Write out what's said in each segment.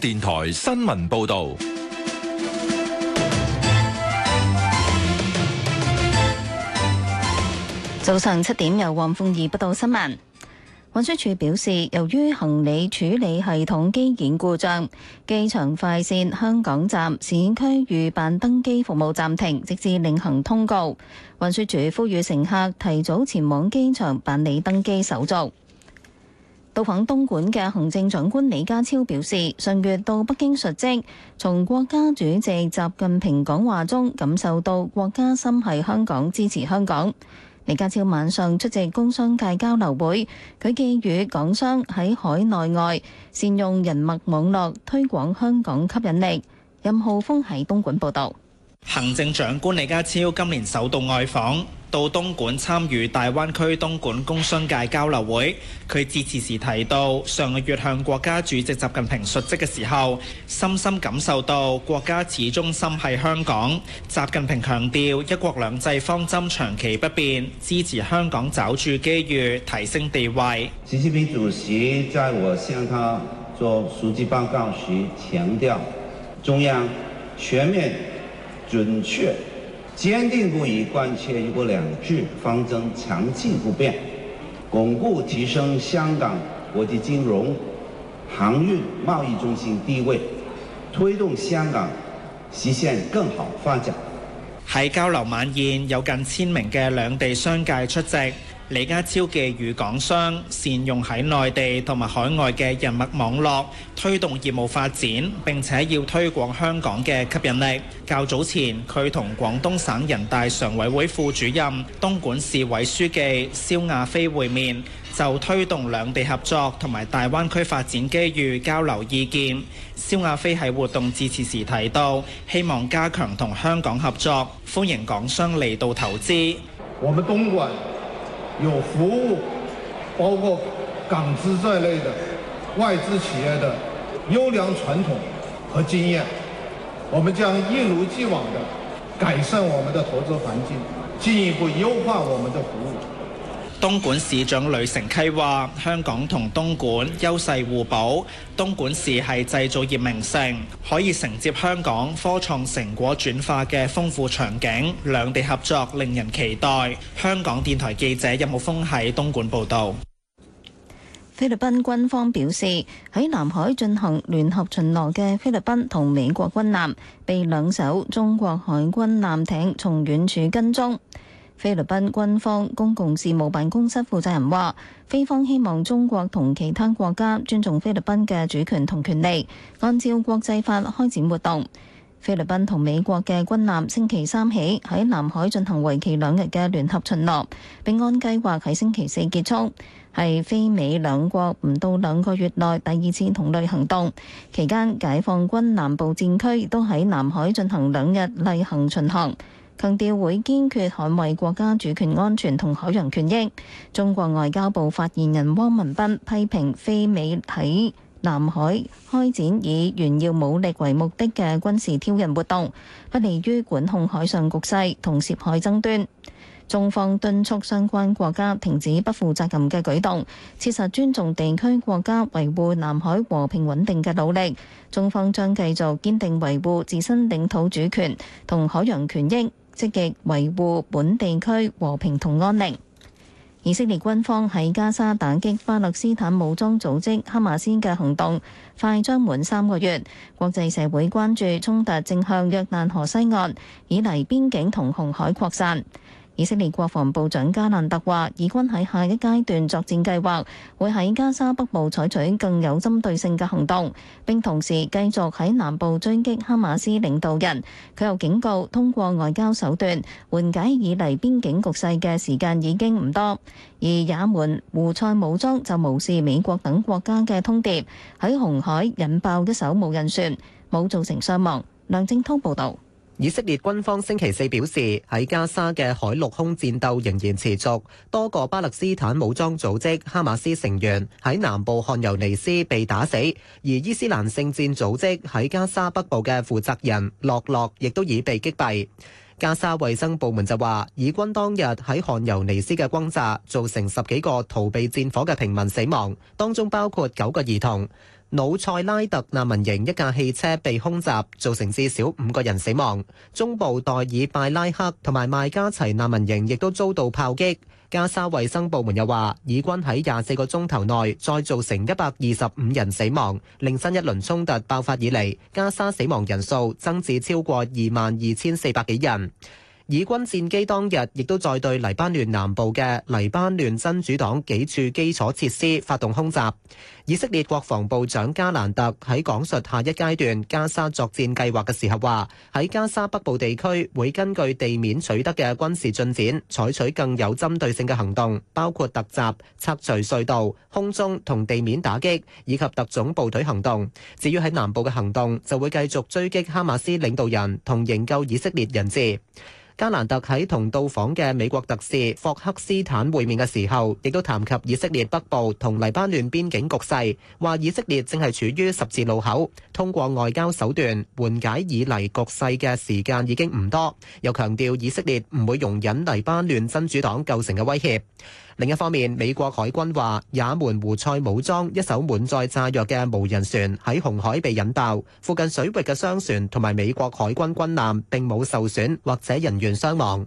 電台新聞報道：早上七點由黃鳳儀報道新聞。運輸署表示，由於行李處理系統機件故障，機場快線香港站市區預辦登機服務暫停，直至另行通告。運輸署呼籲乘客提早前往機場辦理登機手續。到訪東莞嘅行政長官李家超表示，上月到北京述職，從國家主席習近平講話中感受到國家心係香港、支持香港。李家超晚上出席工商界交流會，佢寄語港商喺海內外善用人脈網絡推廣香港吸引力。任浩峰喺東莞報道。行政長官李家超今年首度外訪。到東莞參與大灣區東莞工商界交流會，佢致辭時提到，上個月向國家主席習近平述職嘅時候，深深感受到國家始終心係香港。習近平強調一國兩制方針長期不變，支持香港抓住機遇提升地位。習近平主席在我向他做述職報告時強調，中央全面準確。堅定不移貫徹一國兩制方針，長期不變，鞏固提升香港國際金融、航運、貿易中心地位，推動香港實現更好發展。喺交流晚宴，有近千名嘅兩地商界出席。李家超嘅與港商善用喺內地同埋海外嘅人脈網絡推動業務發展，並且要推廣香港嘅吸引力。較早前，佢同廣東省人大常委會副主任、東莞市委書記肖亞非會面，就推動兩地合作同埋大灣區發展機遇交流意見。肖亞非喺活動致辭時提到，希望加強同香港合作，歡迎港商嚟到投資。我們東莞。有服務，包括港資在內的外資企業的優良傳統和經驗，我們將一如既往的改善我們的投資環境，進一步優化我們的服務。東莞市長呂成蹊話：香港同東莞優勢互補，東莞市係製造業名城，可以承接香港科創成果轉化嘅豐富場景，兩地合作令人期待。香港電台記者任浩峰喺東莞報導。菲律賓軍方表示，喺南海進行聯合巡邏嘅菲律賓同美國軍艦，被兩艘中國海軍艦艇從遠處跟蹤。菲律賓軍方公共事務辦公室負責人話：菲方希望中國同其他國家尊重菲律賓嘅主權同權利，按照國際法開展活動。菲律賓同美國嘅軍艦星期三起喺南海進行為期兩日嘅聯合巡邏，並按計劃喺星期四結束，係菲美兩國唔到兩個月內第二次同類行動。期間，解放軍南部戰區都喺南海進行兩日例行巡航。強調會堅決捍衛國家主權安全同海洋權益。中國外交部發言人汪文斌批評菲美喺南海開展以炫耀武力為目的嘅軍事挑釁活動，不利於管控海上局勢同涉海爭端。中方敦促相關國家停止不負責任嘅舉動，切實尊重地區國家維護南海和平穩定嘅努力。中方將繼續堅定維護自身領土主權同海洋權益。積極維護本地區和平同安寧。以色列軍方喺加沙打擊巴勒斯坦武裝組織哈馬斯嘅行動快將滿三個月，國際社會關注衝突正向約旦河西岸、以黎邊境同紅海擴散。以色列國防部長加蘭特話，以軍喺下一階段作戰計劃會喺加沙北部採取更有針對性嘅行動，並同時繼續喺南部追擊哈馬斯領導人。佢又警告，通過外交手段緩解以黎邊境局勢嘅時間已經唔多。而也門胡塞武裝就無視美國等國家嘅通牒，喺紅海引爆一艘無人船，冇造成傷亡。梁正通報道。以色列軍方星期四表示，喺加沙嘅海陸空戰鬥仍然持續，多個巴勒斯坦武裝組織哈馬斯成員喺南部汗尤尼斯被打死，而伊斯蘭聖戰組織喺加沙北部嘅負責人洛洛亦都已被擊斃。加沙衛生部門就話，以軍當日喺汗尤尼斯嘅轟炸造成十幾個逃避戰火嘅平民死亡，當中包括九個兒童。努塞拉特難民營一架汽車被空襲，造成至少五個人死亡。中部代爾拜拉克同埋麥加齊難民營亦都遭到炮擊。加沙衛生部門又話，以軍喺廿四個鐘頭內再造成一百二十五人死亡。另新一輪衝突爆發以嚟，加沙死亡人數增至超過二萬二千四百幾人。以軍戰機當日亦都在對黎巴嫩南部嘅黎巴嫩真主黨幾處基礎設施發動空襲。以色列國防部長加蘭特喺講述下一階段加沙作戰計劃嘅時候話：喺加沙北部地區會根據地面取得嘅軍事進展，採取更有針對性嘅行動，包括突襲、拆除隧道、空中同地面打擊，以及特種部隊行動。至於喺南部嘅行動，就會繼續追擊哈馬斯領導人同營救以色列人質。加蘭特喺同到訪嘅美國特使霍克斯坦會面嘅時候，亦都談及以色列北部同黎巴嫩邊境局勢，話以色列正係處於十字路口，通過外交手段緩解以黎局勢嘅時間已經唔多，又強調以色列唔會容忍黎巴嫩真主黨構成嘅威脅。另一方面，美國海軍話，也門胡塞武裝一艘滿載炸藥嘅無人船喺紅海被引爆，附近水域嘅商船同埋美國海軍軍艦並冇受損或者人員傷亡。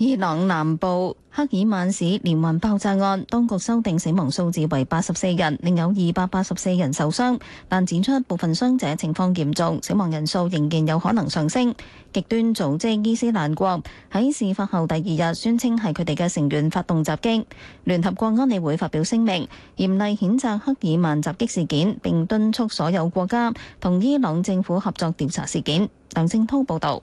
伊朗南部克爾曼市連環爆炸案，當局修訂死亡數字為八十四人，另有二百八十四人受傷，但指出部分傷者情況嚴重，死亡人數仍然有可能上升。極端組織伊斯蘭國喺事發後第二日宣稱係佢哋嘅成員發動襲擊,擊。聯合國安理會發表聲明，嚴厲譴責克爾曼襲擊,擊事件，並敦促所有國家同伊朗政府合作調查事件。梁正濤報道。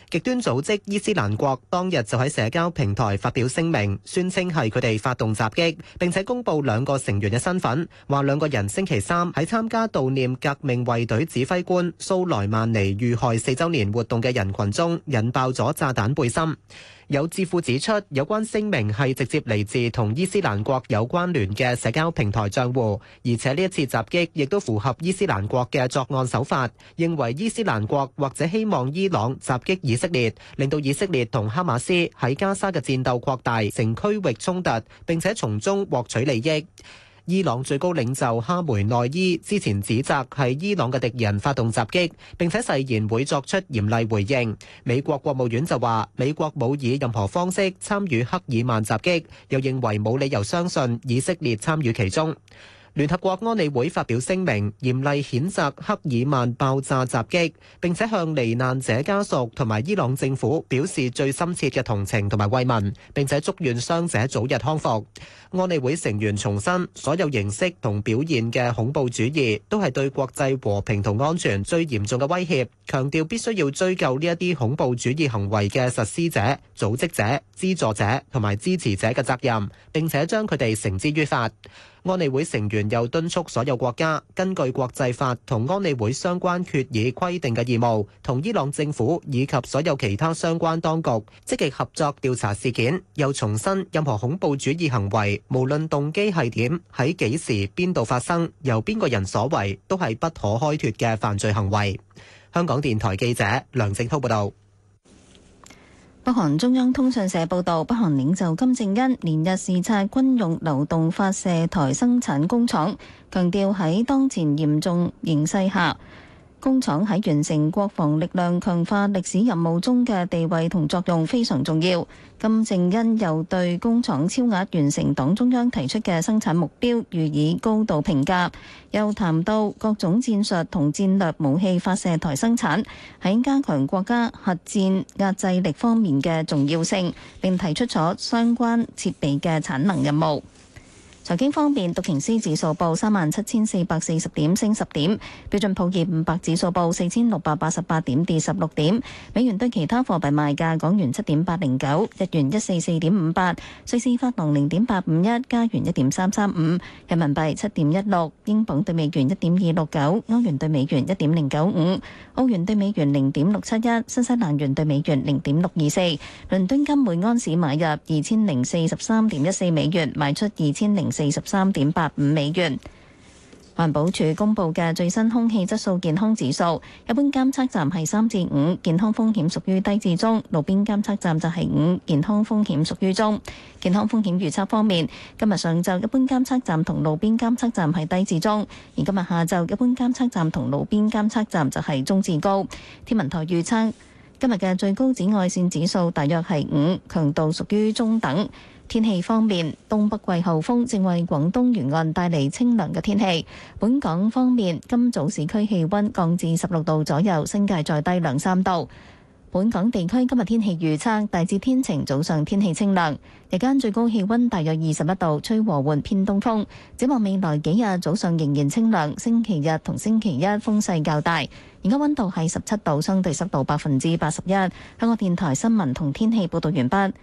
極端組織伊斯蘭國當日就喺社交平台發表聲明，宣稱係佢哋發動襲擊，並且公佈兩個成員嘅身份，話兩個人星期三喺參加悼念革命衛隊指揮官蘇萊曼尼遇害四週年活動嘅人群中引爆咗炸彈背心。有智庫指出，有關聲明係直接嚟自同伊斯蘭國有關聯嘅社交平台賬戶，而且呢一次襲擊亦都符合伊斯蘭國嘅作案手法，認為伊斯蘭國或者希望伊朗襲擊以色列，令到以色列同哈馬斯喺加沙嘅戰鬥擴大成區域衝突，並且從中獲取利益。伊朗最高領袖哈梅內伊之前指責係伊朗嘅敵人發動襲擊，並且誓言會作出嚴厲回應。美國國務院就話，美國冇以任何方式參與克爾曼襲擊，又認為冇理由相信以色列參與其中。聯合國安理會發表聲明，嚴厲譴責克爾曼爆炸襲擊，並且向罹難者家屬同埋伊朗政府表示最深切嘅同情同埋慰問，並且祝願傷者早日康復。安理會成員重申，所有形式同表現嘅恐怖主義都係對國際和平同安全最嚴重嘅威脅，強調必須要追究呢一啲恐怖主義行為嘅實施者、組織者、資助者同埋支持者嘅責任，並且將佢哋繩之於法。安理會成員又敦促所有國家根據國際法同安理會相關決議規定嘅義務，同伊朗政府以及所有其他相關當局積極合作調查事件。又重申，任何恐怖主義行為，無論動機係點，喺幾時、邊度發生，由邊個人所為，都係不可開脫嘅犯罪行為。香港電台記者梁靜濤報道。北韓中央通訊社報導，北韓領袖金正恩連日視察軍用流動發射台生產工廠，強調喺當前嚴重形勢下，工廠喺完成國防力量強化歷史任務中嘅地位同作用非常重要。金正恩又對工廠超額完成黨中央提出嘅生產目標予以高度評價，又談到各種戰術同戰略武器發射台生產喺加強國家核戰壓制力方面嘅重要性，並提出咗相關設備嘅產能任務。財經方面，道瓊斯指數報三萬七千四百四十點，升十點。標準普爾五百指數報四千六百八十八點，跌十六點。美元對其他貨幣賣價，港元七點八零九，日元一四四點五八，瑞士法郎零點八五一，加元一點三三五，人民幣七點一六，英鎊對美元一點二六九，歐元對美元一點零九五，澳元對美元零點六七一，新西蘭元對美元零點六二四，倫敦金每盎司買入二千零四十三點一四美元，賣出二千零四十三點八五美元。環保署公布嘅最新空氣質素健康指數，一般監測站係三至五，健康風險屬於低至中；路邊監測站就係五，健康風險屬於中。健康風險預測方面，今日上晝一般監測站同路邊監測站係低至中，而今日下晝一般監測站同路邊監測站就係中至高。天文台預測，今日嘅最高紫外線指數大約係五，強度屬於中等。天氣方面，東北季候風正為廣東沿岸帶嚟清涼嘅天氣。本港方面，今早市區氣溫降至十六度左右，新界再低兩三度。本港地區今日天氣預測大致天晴，早上天氣清涼，日間最高氣溫大約二十一度，吹和緩偏東風，展望未來幾日早上仍然清涼，星期日同星期一風勢較大。而家溫度係十七度，相對濕度百分之八十一。香港電台新聞同天氣報道完畢。